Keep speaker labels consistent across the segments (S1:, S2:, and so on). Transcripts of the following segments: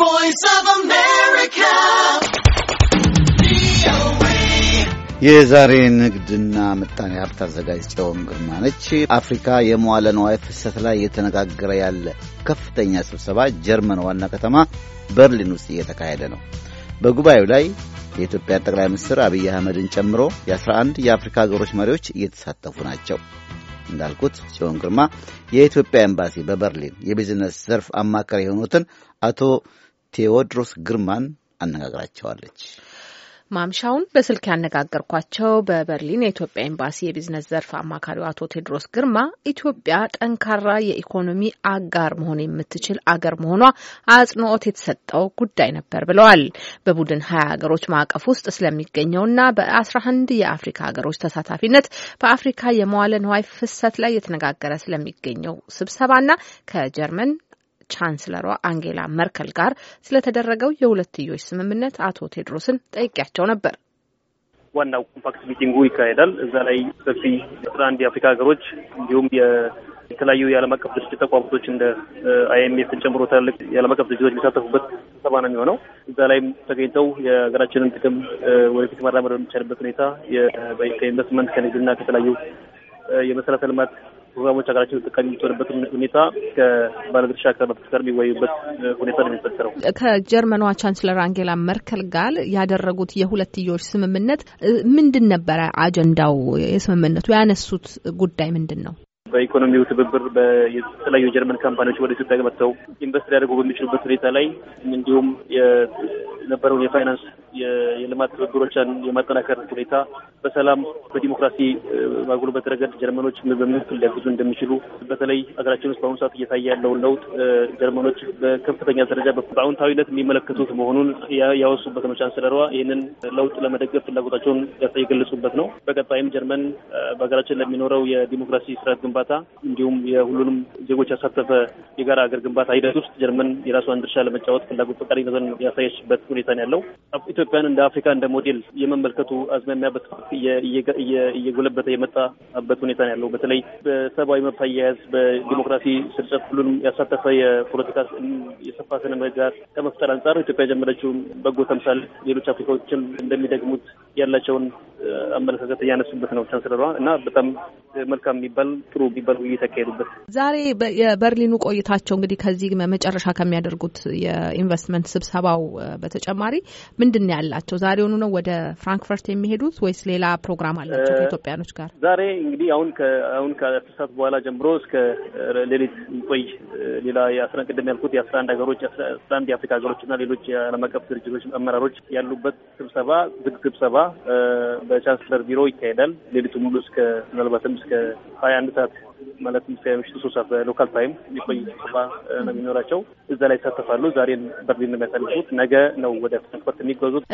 S1: voice of America.
S2: የዛሬ ንግድና ምጣኔ ሀብት አዘጋጅ ጽዮን ግርማ ነች። አፍሪካ የመዋለ ነዋይ ፍሰት ላይ እየተነጋገረ ያለ ከፍተኛ ስብሰባ ጀርመን ዋና ከተማ በርሊን ውስጥ እየተካሄደ ነው። በጉባኤው ላይ የኢትዮጵያ ጠቅላይ ሚኒስትር አብይ አህመድን ጨምሮ የ11 የአፍሪካ ሀገሮች መሪዎች እየተሳተፉ ናቸው። እንዳልኩት ጽዮን ግርማ የኢትዮጵያ ኤምባሲ በበርሊን የቢዝነስ ዘርፍ አማካሪ የሆኑትን አቶ ቴዎድሮስ ግርማን አነጋግራቸዋለች።
S1: ማምሻውን በስልክ ያነጋገርኳቸው በበርሊን የኢትዮጵያ ኤምባሲ የቢዝነስ ዘርፍ አማካሪው አቶ ቴድሮስ ግርማ ኢትዮጵያ ጠንካራ የኢኮኖሚ አጋር መሆን የምትችል አገር መሆኗ አጽንኦት የተሰጠው ጉዳይ ነበር ብለዋል። በቡድን ሀያ ሀገሮች ማዕቀፍ ውስጥ ስለሚገኘውና በአስራ አንድ የአፍሪካ ሀገሮች ተሳታፊነት በአፍሪካ የመዋለ ንዋይ ፍሰት ላይ የተነጋገረ ስለሚገኘው ስብሰባና ከጀርመን ቻንስለሯ አንጌላ መርከል ጋር ስለተደረገው የሁለትዮሽ ስምምነት አቶ ቴድሮስን ጠይቄያቸው ነበር።
S2: ዋናው ኮምፓክት ሚቲንጉ ይካሄዳል። እዛ ላይ ሰፊ አንድ የአፍሪካ ሀገሮች እንዲሁም የተለያዩ የዓለም አቀፍ ድርጅት ተቋማቶች እንደ አይኤምኤፍን ጨምሮ ትላልቅ የዓለም አቀፍ ድርጅቶች የሚሳተፉበት ስብሰባ ነው የሚሆነው። እዛ ላይም ተገኝተው የሀገራችንን ጥቅም ወደፊት ማራመድ በሚቻልበት ሁኔታ ከኢንቨስትመንት ከንግድና ከተለያዩ የመሰረተ ልማት ፕሮግራሞች ሀገራችን ተጠቃሚ የምትሆንበት ሁኔታ ከባለድርሻ አካላት ጋር የሚወዩበት ሁኔታ ነው የሚፈጠረው።
S1: ከጀርመኗ ቻንስለር አንጌላ መርከል ጋር ያደረጉት የሁለትዮሽ ስምምነት ምንድን ነበረ? አጀንዳው የስምምነቱ ያነሱት ጉዳይ ምንድን ነው?
S2: በኢኮኖሚው ትብብር በተለያዩ የጀርመን ካምፓኒዎች ወደ ኢትዮጵያ መጥተው ኢንቨስት ሊያደርጉ በሚችሉበት ሁኔታ ላይ እንዲሁም የነበረውን የፋይናንስ የልማት ትብብሮችን የማጠናከር ሁኔታ በሰላም በዲሞክራሲ ማጉልበት ረገድ ጀርመኖች በምክል ሊያግዙ እንደሚችሉ በተለይ ሀገራችን ውስጥ በአሁኑ ሰዓት እየታየ ያለውን ለውጥ ጀርመኖች በከፍተኛ ደረጃ በአውንታዊነት የሚመለከቱት መሆኑን ያወሱበት ነው። ቻንስለሯ ይህንን ለውጥ ለመደገፍ ፍላጎታቸውን የገለጹበት ነው። በቀጣይም ጀርመን በሀገራችን ለሚኖረው የዲሞክራሲ ስርዓት ግንባታ እንዲሁም የሁሉንም ዜጎች ያሳተፈ የጋራ ሀገር ግንባታ ሂደት ውስጥ ጀርመን የራሷን ድርሻ ለመጫወት ፍላጎት ፈቃደኝነትን ያሳየችበት ሁኔታ ነው ያለው። ኢትዮጵያን እንደ አፍሪካ እንደ ሞዴል የመመልከቱ አዝማሚያ በስፋት እየጎለበተ የመጣበት ሁኔታ ነው ያለው። በተለይ በሰብአዊ መብት አያያዝ፣ በዲሞክራሲ ስርጨት ሁሉንም ያሳተፈ የፖለቲካ የሰፋ ስነ ምህዳር ከመፍጠር አንጻር ኢትዮጵያ የጀመረችው በጎ ተምሳሌ ሌሎች አፍሪካዎችም እንደሚደግሙት ያላቸውን አመለካከት እያነሱበት ነው ቻንስለሯ እና በጣም መልካም የሚባል ጥሩ የሚባል ውይይት ያካሄዱበት
S1: ዛሬ የበርሊኑ ቆይታቸው እንግዲህ ከዚህ መጨረሻ ከሚያደርጉት የኢንቨስትመንት ስብሰባው በተጨማሪ ምንድን ነው ያላቸው? ዛሬውኑ ነው ወደ ፍራንክፈርት የሚሄዱት ወይስ ሌላ ፕሮግራም አላቸው ከኢትዮጵያኖች ጋር?
S2: ዛሬ እንግዲህ አሁን አሁን ከአስር ሰዓት በኋላ ጀምሮ እስከ ሌሊት የሚቆይ ሌላ የአስራ ቅድም ያልኩት የአስራ አንድ ሀገሮች አስራ አንድ የአፍሪካ ሀገሮች እና ሌሎች የዓለም አቀፍ ድርጅቶች አመራሮች ያሉበት ስብሰባ ዝግ ስብሰባ በቻንስለር ቢሮ ይካሄዳል። ሌሊቱ ሙሉ እስከ ምናልባትም እስከ ሀያ አንድ ሰዓት ማለትም ከምሽቱ ሶስት ሰዓት በሎካል ታይም የቆይ ስብሰባ ነው የሚኖራቸው። እዛ ላይ ይሳተፋሉ። ዛሬን በርሊን የሚያሳልፉት ነገ ነው ወደ ፍራንክፈርት የሚጓዙት።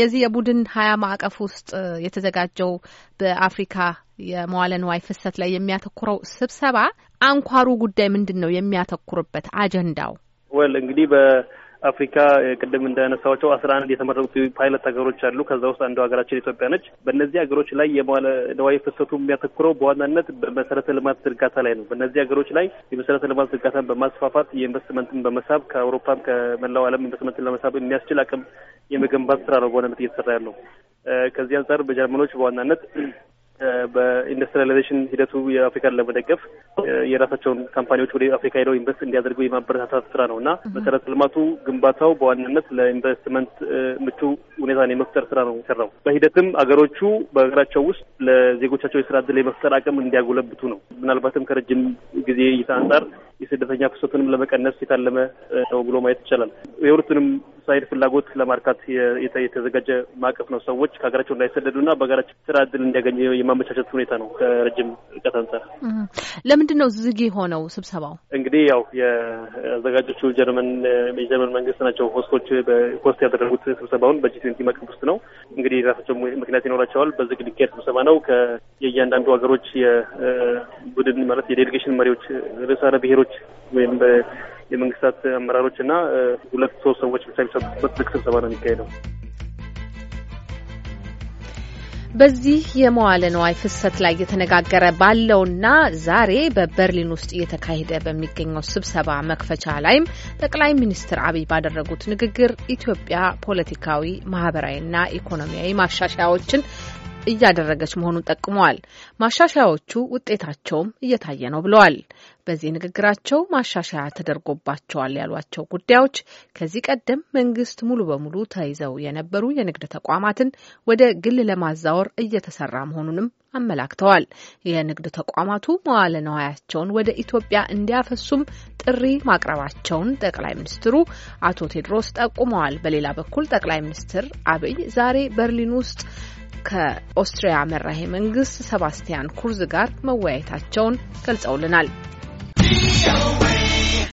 S1: የዚህ የቡድን ሀያ ማዕቀፍ ውስጥ የተዘጋጀው በአፍሪካ የመዋለ ንዋይ ፍሰት ላይ የሚያተኩረው ስብሰባ አንኳሩ ጉዳይ ምንድን ነው? የሚያተኩርበት አጀንዳው
S2: ወል እንግዲህ በ አፍሪካ ቅድም እንዳነሳቸው አስራ አንድ የተመረጡ ፓይለት ሀገሮች አሉ። ከዛ ውስጥ አንዱ ሀገራችን ኢትዮጵያ ነች። በእነዚህ ሀገሮች ላይ የመዋለ ነዋይ ፍሰቱ የሚያተኩረው በዋናነት በመሰረተ ልማት ዝርጋታ ላይ ነው። በእነዚህ ሀገሮች ላይ የመሰረተ ልማት ዝርጋታን በማስፋፋት የኢንቨስትመንትን በመሳብ ከአውሮፓም ከመላው ዓለም ኢንቨስትመንትን ለመሳብ የሚያስችል አቅም የመገንባት ስራ ነው በዋናነት እየተሰራ ያለው። ከዚህ አንጻር በጀርመኖች በዋናነት በኢንዱስትሪላይዜሽን ሂደቱ የአፍሪካን ለመደገፍ የራሳቸውን ካምፓኒዎች ወደ አፍሪካ ሄደው ኢንቨስት እንዲያደርጉ የማበረታታት ስራ ነው እና መሰረተ ልማቱ ግንባታው በዋናነት ለኢንቨስትመንት ምቹ ሁኔታን የመፍጠር ስራ ነው የሰራው። በሂደትም አገሮቹ በሀገራቸው ውስጥ ለዜጎቻቸው የስራ እድል የመፍጠር አቅም እንዲያጎለብቱ ነው። ምናልባትም ከረጅም ጊዜ እይታ አንጻር የስደተኛ ፍሰቱንም ለመቀነስ የታለመ ነው ብሎ ማየት ይቻላል። የሁለቱንም ሳይድ ፍላጎት ለማርካት የተዘጋጀ ማዕቀፍ ነው። ሰዎች ከሀገራቸው እንዳይሰደዱና በሀገራቸው ስራ እድል እንዲያገኙ የማመቻቸት ሁኔታ ነው። ከረጅም ርቀት አንጻር
S1: ለምንድን ነው ዝግ የሆነው ስብሰባው?
S2: እንግዲህ ያው የአዘጋጆቹ ጀርመን የጀርመን መንግስት ናቸው። ሆስቶች በሆስት ያደረጉት ስብሰባውን በጂ ትዌንቲ ማዕቀፍ ውስጥ ነው። እንግዲህ የራሳቸው ምክንያት ይኖራቸዋል። በዝግ ሊካሄድ ስብሰባ ነው። የእያንዳንዱ ሀገሮች የቡድን ማለት የዴሌጌሽን መሪዎች ርዕሳነ ብሔሮች ወይም የመንግስታት አመራሮች እና ሁለት ሶስት ሰዎች ብቻ የሚሳተፉበት ትልቅ ስብሰባ ነው የሚካሄደው።
S1: በዚህ የመዋለ ነዋይ ፍሰት ላይ እየተነጋገረ ባለውና ዛሬ በበርሊን ውስጥ እየተካሄደ በሚገኘው ስብሰባ መክፈቻ ላይም ጠቅላይ ሚኒስትር አብይ ባደረጉት ንግግር ኢትዮጵያ ፖለቲካዊ፣ ማህበራዊና ኢኮኖሚያዊ ማሻሻያዎችን እያደረገች መሆኑን ጠቅመዋል። ማሻሻያዎቹ ውጤታቸውም እየታየ ነው ብለዋል። በዚህ ንግግራቸው ማሻሻያ ተደርጎባቸዋል ያሏቸው ጉዳዮች ከዚህ ቀደም መንግስት ሙሉ በሙሉ ተይዘው የነበሩ የንግድ ተቋማትን ወደ ግል ለማዛወር እየተሰራ መሆኑንም አመላክተዋል። የንግድ ተቋማቱ መዋለ ነዋያቸውን ወደ ኢትዮጵያ እንዲያፈሱም ጥሪ ማቅረባቸውን ጠቅላይ ሚኒስትሩ አቶ ቴድሮስ ጠቁመዋል። በሌላ በኩል ጠቅላይ ሚኒስትር አብይ ዛሬ በርሊን ውስጥ ከኦስትሪያ መራሄ መንግስት ሰባስቲያን ኩርዝ ጋር መወያየታቸውን ገልጸውልናል።